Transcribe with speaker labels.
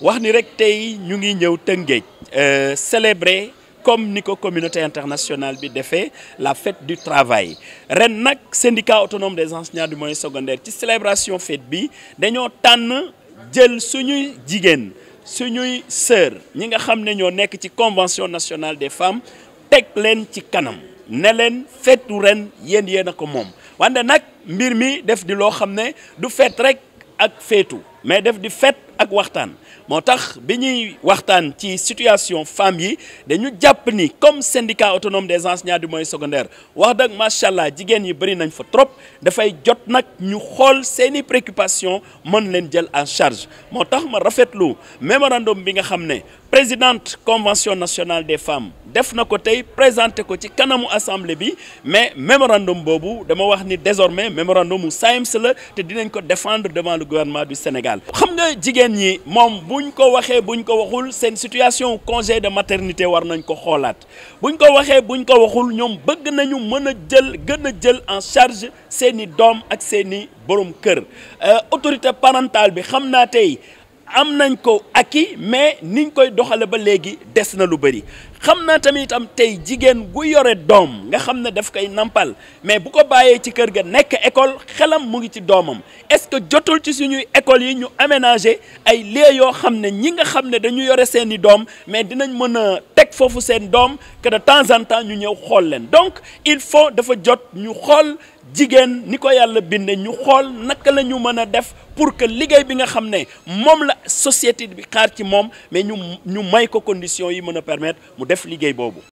Speaker 1: wax ni rek tey ñu ngi euh, célébrer comme nico communauté internationale bi la fête du travail ren syndicat autonome des enseignants du moyen secondaire ci célébration fête bi dañoo tànn jël suñuy jigen suñuy sœur ñi nga xam ne ci convention nationale des femmes tek leen ci kanam ne leen fetu ren yeen yéen a ko moom wante mbir mi def di lo xamné du fête rek ak feetu mais def di fête ak waxtaan motax biñuy waxtaan ci situation famille de dañu jàpp ni comme syndicat autonome des enseignants du moyen secondaire wax dëgg machallah jigen yi bari nañ fa trop fay jot nak ñu xol seeni préoccupation mën leen jël en charge motax ma rafetlu memorandum bi nga xamné présidente convention nationale des femmes def na ko tey présenté ko ci kanamu assemblée bi mais mémorandum bobu dama wax ni désormais mémorandum mu la te dinañ ko défendre devant le gouvernement du Sénégal. xam nga jigen ñi mom buñ ko waxé buñ ko waxul sen situation congé de maternité war nañ ko xoolaat buñ ko waxé buñ ko waxul ñom bëgg nañu mëna jël gëna jël en charge seeni dom ak seeni borom kër euh, autorité parentale bi xamna tay am nañ ko acquis mais niñ koy doxale ba léegi des na lu bëri xam naa tamit am tey jigéen gu yore doom nga xam ne daf koy nampal mais bu ko bàyyee ci kër ga nekk école xelam mu ngi ci doomam est-ce que jotul ci suñuy école yi ñu aménager ay lieux yoo xam ne ñi nga xam ne dañu yore seeni doom mais dinañ mën a teg foofu seen doom que de temps en temps ñu ñëw xool leen donc il faut dafa jot ñu xool jigéen ni ko yàlla binde ñu xool naka la ñu mën a def pour que liguey bi nga xamné mom la société bi xaar ci mom mais ñu ñu may ko conditions yi mëna permettre mu def liguey bobu